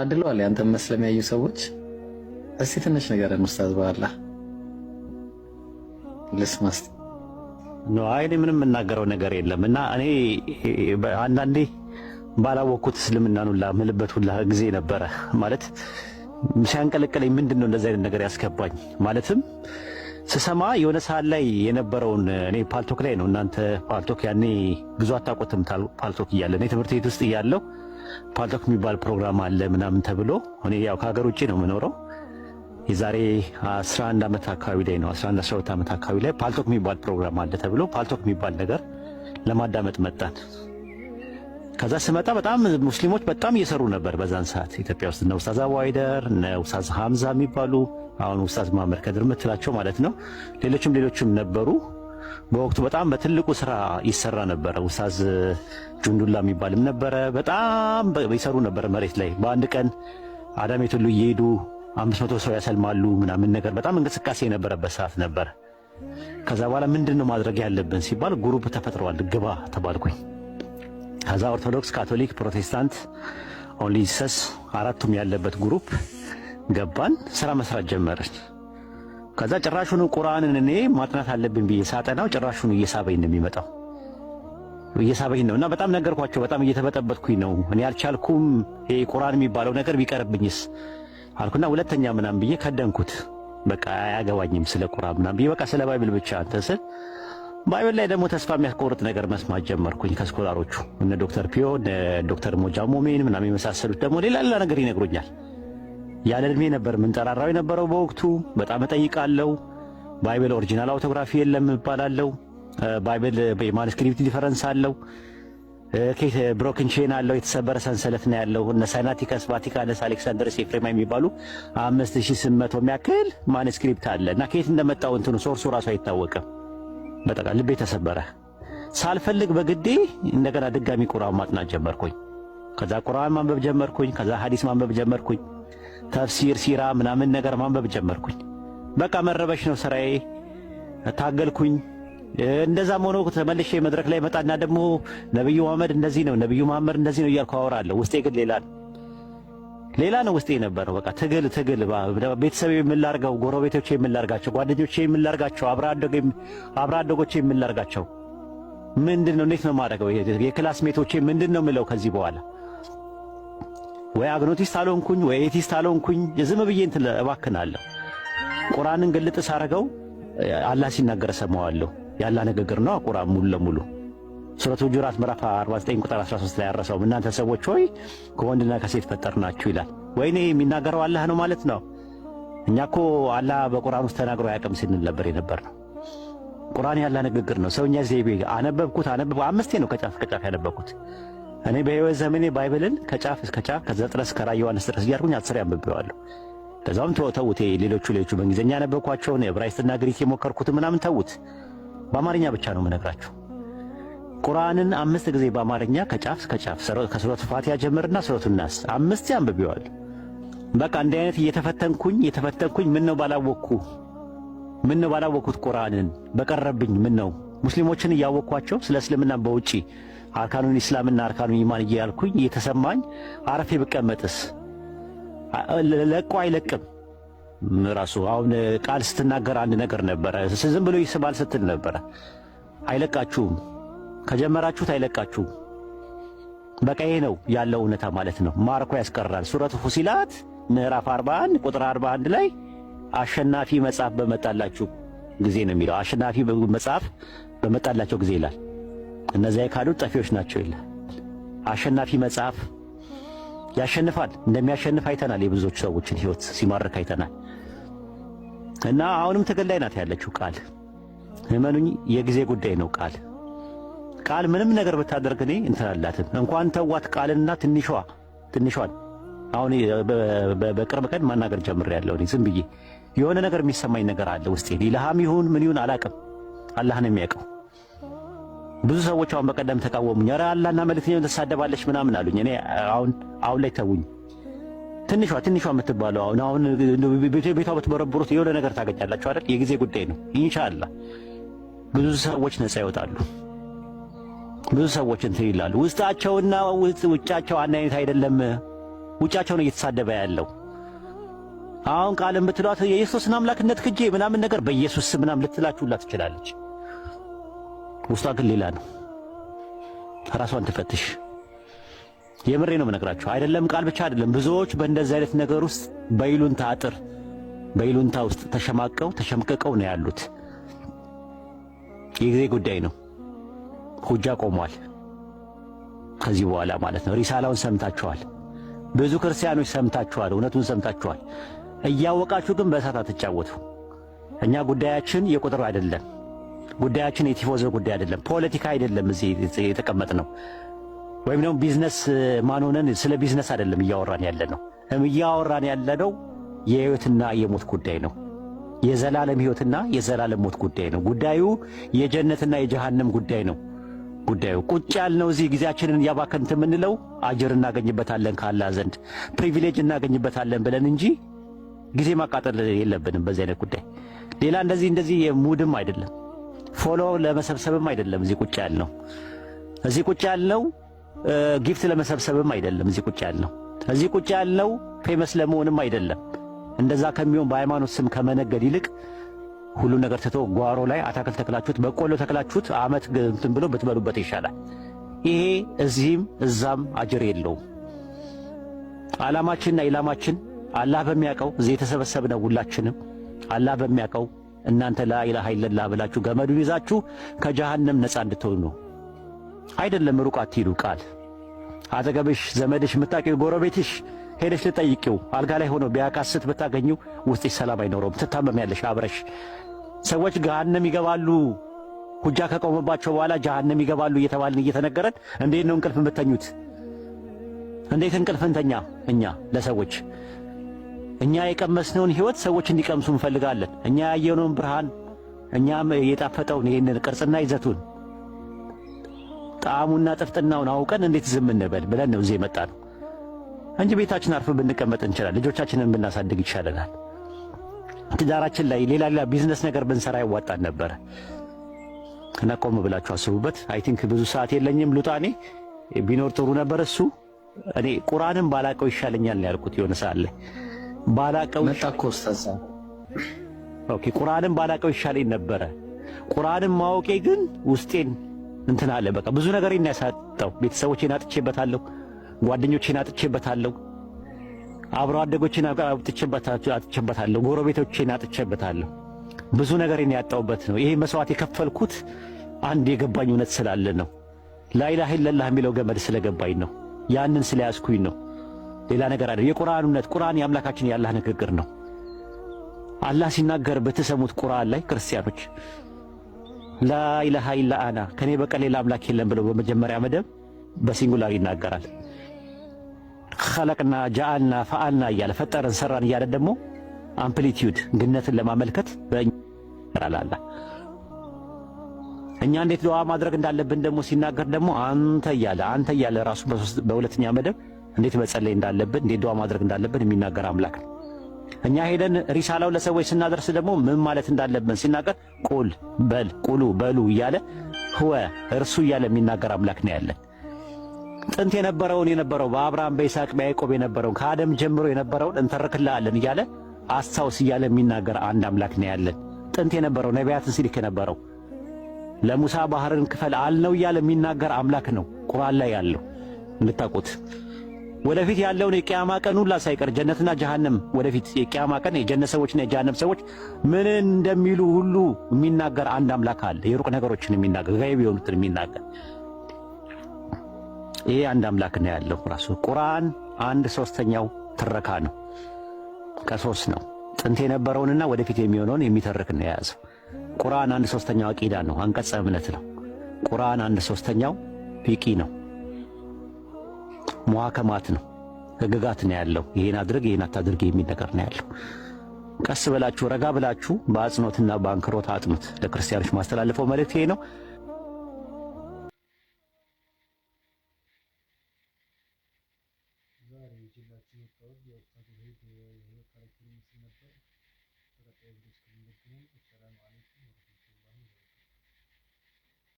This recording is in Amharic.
አድለዋል። ያንተ መስለም ያዩ ሰዎች እስቲ ትንሽ ነገር ኡስታዝ በኋላ ልስማስ ነው። አይ እኔ ምንም የምናገረው ነገር የለም እና እኔ አንዳንዴ ባላወቅኩት እስልምናን ሁላ ምልበት ሁላ ጊዜ ነበረ ማለት ሲያንቀለቀለኝ ምንድን ነው እንደዚህ አይነት ነገር ያስገባኝ ማለትም ስሰማ የሆነ ሰዓት ላይ የነበረውን እኔ ፓልቶክ ላይ ነው። እናንተ ፓልቶክ ያኔ ብዙ አታውቁትም። ፓልቶክ እያለ እኔ ትምህርት ቤት ውስጥ እያለሁ ፓዶክ የሚባል ፕሮግራም አለ ምናምን ተብሎ እኔ ያው ከሀገር ውጭ ነው የምኖረው የዛሬ 11 ዓመት አካባቢ ላይ ነው 11 12 ዓመት አካባቢ ላይ ፓልቶክ የሚባል ፕሮግራም አለ ተብሎ ፓልቶክ የሚባል ነገር ለማዳመጥ መጣን። ከዛ ስመጣ በጣም ሙስሊሞች በጣም እየሰሩ ነበር በዛን ሰዓት ኢትዮጵያ ውስጥ እነ ኡስታዝ አዋይደር እነ ኡስታዝ ሀምዛ የሚባሉ አሁን ኡስታዝ ማመር ከድር ምትላቸው ማለት ነው። ሌሎችም ሌሎችም ነበሩ። በወቅቱ በጣም በትልቁ ስራ ይሰራ ነበረ። ውሳዝ ጁንዱላ የሚባልም ነበረ። በጣም ይሰሩ ነበር መሬት ላይ በአንድ ቀን አዳሜት ሁሉ እየሄዱ አምስት መቶ ሰው ያሰልማሉ ምናምን ነገር በጣም እንቅስቃሴ የነበረበት ሰዓት ነበር። ከዛ በኋላ ምንድን ነው ማድረግ ያለብን ሲባል ጉሩፕ ተፈጥረዋል። ግባ ተባልኩኝ። ከዛ ኦርቶዶክስ፣ ካቶሊክ፣ ፕሮቴስታንት ኦንሊ ሰስ አራቱም ያለበት ጉሩፕ ገባን። ስራ መስራት ጀመርን። ከዛ ጭራሹኑ ቁርአንን እኔ ማጥናት አለብን ብዬ ሳጠናው ጭራሹኑ እየሳበኝ ነው የሚመጣው እየሳበኝ ነው። እና በጣም ነገርኳቸው። በጣም እየተበጠበጥኩኝ ነው እኔ አልቻልኩም። ይሄ ቁርአን የሚባለው ነገር ቢቀርብኝስ አልኩና ሁለተኛ ምናም ብዬ ከደንኩት። በቃ አያገባኝም ስለ ቁርአን ምናም ብዬ በቃ ስለ ባይብል ብቻ እንትን ስል ባይብል ላይ ደግሞ ተስፋ የሚያስቆርጥ ነገር መስማት ጀመርኩኝ ከስኮላሮቹ እነ ዶክተር ፒዮ እነ ዶክተር ሞጃ ሞሜን ምናምን የመሳሰሉት ደግሞ ሌላ ሌላ ነገር ይነግሩኛል። ያለ እድሜ ነበር ምንጠራራው የነበረው በወቅቱ። በጣም እጠይቃለሁ። ባይብል ኦሪጂናል አውቶግራፊ የለም እባላለሁ። ባይብል የማኑስክሪፕት ዲፈረንስ አለው። ብሮክን ቼን አለው። የተሰበረ ሰንሰለት ነው ያለው። እነ ሳይናቲከስ፣ ቫቲካንስ፣ አሌክሳንደርስ፣ ኤፍሬማ የሚባሉ አምስት ሺህ ስምንት መቶ የሚያክል ማኑስክሪፕት አለ እና ከየት እንደመጣው እንትኑ ሶርሱ ራሱ አይታወቅም። በጠቃ ልቤ ተሰበረ። ሳልፈልግ በግዴ እንደገና ድጋሚ ቁርአን ማጥናት ጀመርኩኝ። ከዛ ቁርአን ማንበብ ጀመርኩኝ። ከዛ ሀዲስ ማንበብ ጀመርኩኝ። ተፍሲር፣ ሲራ ምናምን ነገር ማንበብ ጀመርኩኝ። በቃ መረበሽ ነው ስራዬ። ታገልኩኝ። እንደዛም ሆኖ ተመልሼ መድረክ ላይ መጣና ደግሞ ነብዩ መሐመድ እንደዚህ ነው፣ ነብዩ መሐመድ እንደዚህ ነው እያልኩ አወራለሁ። ውስጤ ግን ሌላ ነው ሌላ ነው ውስጤ የነበረው። በቃ ትግል ትግል። ቤተሰብ የምላርገው፣ ጎረቤቶቼ የምላርጋቸው፣ ጓደኞቼ የምላርጋቸው፣ አብረ አደጎቼ የምላርጋቸው ምንድን ነው እንዴት ነው ማረገው የክላስ ሜቶቼ ምንድን ነው የምለው ከዚህ በኋላ ወይ አግኖቲስት አልሆንኩኝ ወይ ኤቲስት አልሆንኩኝ ዝም ብዬ እንትን እባክናለሁ። ቁርአንን ግልጥ ሳረገው አላህ ሲናገር ሰማዋለሁ። ያላ ንግግር ነው ቁርአን ሙሉ ለሙሉ ሱረቱ ጁራት ምዕራፍ 49 ቁጥር 13 ላይ ያረሰው እናንተ ሰዎች ሆይ ከወንድና ከሴት ፈጠርናችሁ ይላል። ወይኔ የሚናገረው አላህ ነው ማለት ነው። እኛ እኮ አላህ በቁርአን ውስጥ ተናግሮ አያውቅም ሲል ነበር የነበር ነው። ቁርአን ያላ ንግግር ነው። ሰውኛ ዘይቤ አነበብኩት አነበብኩ አምስቴ ነው ከጫፍ ከጫፍ ያነበብኩት እኔ በህይወት ዘመኔ ባይብልን ከጫፍ እስከ ጫፍ ከዘፍጥረት እስከ ራዕየ ዮሐንስ ድረስ እያልኩኝ አስር ያንብቤዋለሁ። ከዛም ተውት። ሌሎቹ ሌሎቹ በእንግሊዝኛ ያነበብኳቸውን ዕብራይስጥና ግሪክ የሞከርኩትን ምናምን ተውት። በአማርኛ ብቻ ነው የምነግራችሁ። ቁርአንን አምስት ጊዜ በአማርኛ ከጫፍ እስከ ጫፍ ከሱረት ፋቲያ ጀምርና ሱረቱ ናስ አምስት ያንብቤዋለሁ። በቃ እንዲህ አይነት እየተፈተንኩኝ እየተፈተንኩኝ ምን ነው ባላወቅኩ ምን ነው ባላወቅኩት ቁርአንን በቀረብኝ ምን ነው ሙስሊሞችን እያወቅኳቸው ስለ እስልምና በውጪ አርካኑን ኢስላምና አርካኑን ኢማን እያልኩኝ እየተሰማኝ አረፌ ብቀመጥስ ለቆ አይለቅም። ራሱ አሁን ቃል ስትናገር አንድ ነገር ነበረ። ዝም ብሎ ይስባል ስትል ነበረ። አይለቃችሁም፣ ከጀመራችሁት አይለቃችሁም። በቃ ይሄ ነው ያለው እውነታ ማለት ነው። ማርኮ ያስቀራል። ሱረቱ ፉሲላት ምዕራፍ 41 ቁጥር 41 ላይ አሸናፊ መጽሐፍ በመጣላችሁ ጊዜ ነው የሚለው። አሸናፊ መጽሐፍ በመጣላቸው ጊዜ ይላል። እነዚያ የካዱት ጠፊዎች ናቸው ይላል። አሸናፊ መጽሐፍ ያሸንፋል። እንደሚያሸንፍ አይተናል። የብዙዎች ሰዎችን ህይወት ሲማርክ አይተናል። እና አሁንም ትግል ላይ ናት ያለችው ቃል። እመኑኝ የጊዜ ጉዳይ ነው። ቃል ቃል ምንም ነገር ብታደርግ እኔ እንትን እንኳን ተዋት ቃልና ትንሿ ትንሿን አሁን በቅርብ ቀን ማናገር ያለው እኔ ዝም ብዬ የሆነ ነገር የሚሰማኝ ነገር አለ ውስጤ። ሊልሃም ይሁን ምን ይሁን አላቅም። አላህ ነው የሚያውቀው። ብዙ ሰዎች አሁን በቀደም ተቃወሙኝ። ኧረ አላና መልእክተኛውን ትሳደባለች ምናምን አሉኝ። እኔ አሁን አሁን ላይ ተውኝ። ትንሿ ትንሿ የምትባለው አሁን አሁን ቤቷ ብትበረብሩት የሆነ ነገር ታገኛላችሁ አይደል? የጊዜ ጉዳይ ነው። ኢንሻአላህ ብዙ ሰዎች ነጻ ይወጣሉ። ብዙ ሰዎች እንትን ይላሉ። ውስጣቸውና ውጫቸው አንድ አይነት አይደለም። ውጫቸው ነው እየተሳደበ ያለው። አሁን ቃል የምትሏት የኢየሱስን አምላክነት ክጄ ምናምን ነገር በኢየሱስ ምናምን ልትላችሁላ ትችላለች። ውስጧ ግን ሌላ ነው። ራሷን ትፈትሽ። የምሬ ነው የምነግራችሁ። አይደለም ቃል ብቻ አይደለም። ብዙዎች በእንደዚህ አይነት ነገር ውስጥ በይሉንታ አጥር በይሉንታ ውስጥ ተሸማቀው ተሸምቀቀው ነው ያሉት። የጊዜ ጉዳይ ነው። ሁጃ ቆሟል። ከዚህ በኋላ ማለት ነው። ሪሳላውን ሰምታችኋል። ብዙ ክርስቲያኖች ሰምታችኋል። እውነቱን ሰምታችኋል። እያወቃችሁ ግን በእሳት አትጫወቱ። እኛ ጉዳያችን የቁጥር አይደለም። ጉዳያችን የቲፎዞ ጉዳይ አይደለም፣ ፖለቲካ አይደለም። እዚህ የተቀመጥ ነው ወይም ደግሞ ቢዝነስ ማን ሆነን ስለ ቢዝነስ አይደለም እያወራን ያለ ነው። እያወራን ያለ ነው የህይወትና የሞት ጉዳይ ነው። የዘላለም ህይወትና የዘላለም ሞት ጉዳይ ነው። ጉዳዩ የጀነትና የጀሃነም ጉዳይ ነው። ጉዳዩ ቁጭ ያልነው እዚህ ጊዜያችንን ያባከንት የምንለው አጅር እናገኝበታለን ካላ ዘንድ ፕሪቪሌጅ እናገኝበታለን ብለን እንጂ ጊዜ ማቃጠል የለብንም በዚህ አይነት ጉዳይ። ሌላ እንደዚህ እንደዚህ ሙድም አይደለም። ፎሎ ለመሰብሰብም አይደለም እዚህ ቁጭ ያልነው። እዚህ ቁጭ ያልነው ጊፍት ለመሰብሰብም አይደለም። እዚህ ቁጭ ያልነው እዚህ ቁጭ ያልነው ፌመስ ለመሆንም አይደለም። እንደዛ ከሚሆን በሃይማኖት ስም ከመነገድ ይልቅ ሁሉ ነገር ትቶ ጓሮ ላይ አታክልት ተክላችሁት በቆሎ ተክላችሁት አመት እንትን ብሎ ብትበሉበት ይሻላል። ይሄ እዚህም እዛም አጅር የለውም። አላማችንና ኢላማችን አላህ በሚያውቀው እዚህ የተሰበሰብነው ሁላችንም አላህ በሚያውቀው እናንተ ላኢላሃ ኢለላህ ብላችሁ ገመዱን ይዛችሁ ከጀሃነም ነፃ እንድትሆኑ ነው። አይደለም ሩቅ አትሂዱ። ቃል አጠገብሽ ዘመድሽ የምታውቂው ጎረቤትሽ ሄደሽ ልጠይቂው አልጋ ላይ ሆኖ ቢያካስት ብታገኘው ውስጥሽ ሰላም አይኖረውም። ትታመሚያለሽ። አብረሽ ሰዎች ገሃነም ይገባሉ ሁጃ ከቆመባቸው በኋላ ጀሃነም ይገባሉ እየተባልን እየተነገረን እንዴት ነው እንቅልፍ የምተኙት? እንዴት እንቅልፍ እንተኛ እኛ ለሰዎች እኛ የቀመስነውን ህይወት ሰዎች እንዲቀምሱ እንፈልጋለን። እኛ ያየነውን ብርሃን፣ እኛም የጣፈጠውን ይህንን ቅርጽና ይዘቱን ጣዕሙና ጥፍጥናውን አውቀን እንዴት ዝም እንበል ብለን ነው እዚህ የመጣ ነው እንጂ ቤታችን አርፈን ብንቀመጥ እንችላለን። ልጆቻችንን ብናሳድግ ይሻለናል። ትዳራችን ላይ ሌላ ሌላ ቢዝነስ ነገር ብንሰራ ይዋጣን ነበረ እና ቆም ብላችሁ አስቡበት። አይ ቲንክ ብዙ ሰዓት የለኝም ሉጣኔ ቢኖር ጥሩ ነበር። እሱ እኔ ቁርአንም ባላቀው ይሻለኛል ያልኩት የሆነ ሰዓት ላይ ባላቀው ኦኬ፣ ቁርአንን ባላቀው ይሻለኝ ነበረ። ቁርአንን ማወቄ ግን ውስጤን እንትን አለ። በቃ ብዙ ነገር ያሳጣው። ቤተሰቦቼን አጥቼበታለሁ፣ ጓደኞቼን አጥቼበታለሁ፣ አብሮ አደጎቼን አጥቼበታለሁ፣ ጎረቤቶቼን አጥቼበታለሁ። ብዙ ነገር ያጣውበት ነው። ይሄ መስዋዕት የከፈልኩት አንድ የገባኝ እውነት ስላለ ነው። ላይላህ ኢለላህ የሚለው ገመድ ስለገባኝ ነው። ያንን ስለያዝኩኝ ነው። ሌላ ነገር አይደለም። የቁርአን እውነት ቁርአን የአምላካችን የአላህ ንግግር ነው። አላህ ሲናገር በተሰሙት ቁርአን ላይ ክርስቲያኖች ላኢላሃ ኢላ አና ከኔ በቀር ሌላ አምላክ የለም ብለው በመጀመሪያ መደብ በሲንጉላር ይናገራል። ኸለቅና ጃአልና ፈአልና እያለ ፈጠረን ሰራን እያለ ደግሞ አምፕሊቲዩድ ግነትን ለማመልከት በእኛ እኛ እንዴት ዱዓ ማድረግ እንዳለብን ደግሞ ሲናገር ደግሞ አንተ እያለ አንተ እያለ ራሱ በሁለተኛ መደብ እንዴት መጸለይ እንዳለብን፣ እንዴት ዱዓ ማድረግ እንዳለብን የሚናገር አምላክ ነው። እኛ ሄደን ሪሳላው ለሰዎች ስናደርስ ደግሞ ምን ማለት እንዳለብን ሲናገር ቁል በል ቁሉ በሉ እያለ ህወ እርሱ እያለ የሚናገር አምላክ ነው ያለን። ጥንት የነበረውን የነበረው በአብርሃም በይስሐቅ በያዕቆብ የነበረውን ከአደም ጀምሮ የነበረውን እንተርክልሃለን እያለ አስታውስ እያለ የሚናገር አንድ አምላክ ነው ያለን። ጥንት የነበረው ነቢያትን ሲልክ የነበረው ለሙሳ ባህርን ክፈል አልነው እያለ የሚናገር አምላክ ነው ቁርአን ላይ ያለው እንድታውቁት ወደፊት ያለውን የቅያማ ቀን ሁላ ሳይቀር ጀነትና ጀሃነም ወደፊት የቅያማ ቀን የጀነት ሰዎችና የጀሃነም ሰዎች ምን እንደሚሉ ሁሉ የሚናገር አንድ አምላክ አለ። የሩቅ ነገሮችን የሚናገር ጋይብ የሆኑትን የሚናገር ይሄ አንድ አምላክ ነው ያለው። ራሱ ቁርአን አንድ ሶስተኛው ትረካ ነው፣ ከሶስት ነው። ጥንት የነበረውንና ወደፊት የሚሆነውን የሚተርክ ነው የያዘው። ቁርአን አንድ ሶስተኛው አቂዳ ነው፣ አንቀጸ እምነት ነው። ቁርአን አንድ ሶስተኛው ፊቂ ነው። መዋከማት ነው፣ ህግጋት ነው ያለው። ይሄን አድርግ ይሄን አታድርግ የሚል ነገር ነው ያለው። ቀስ ብላችሁ ረጋ ብላችሁ በአጽንኦትና በአንክሮት አጥኑት። ለክርስቲያኖች ማስተላለፈው መልእክት ይሄ ነው።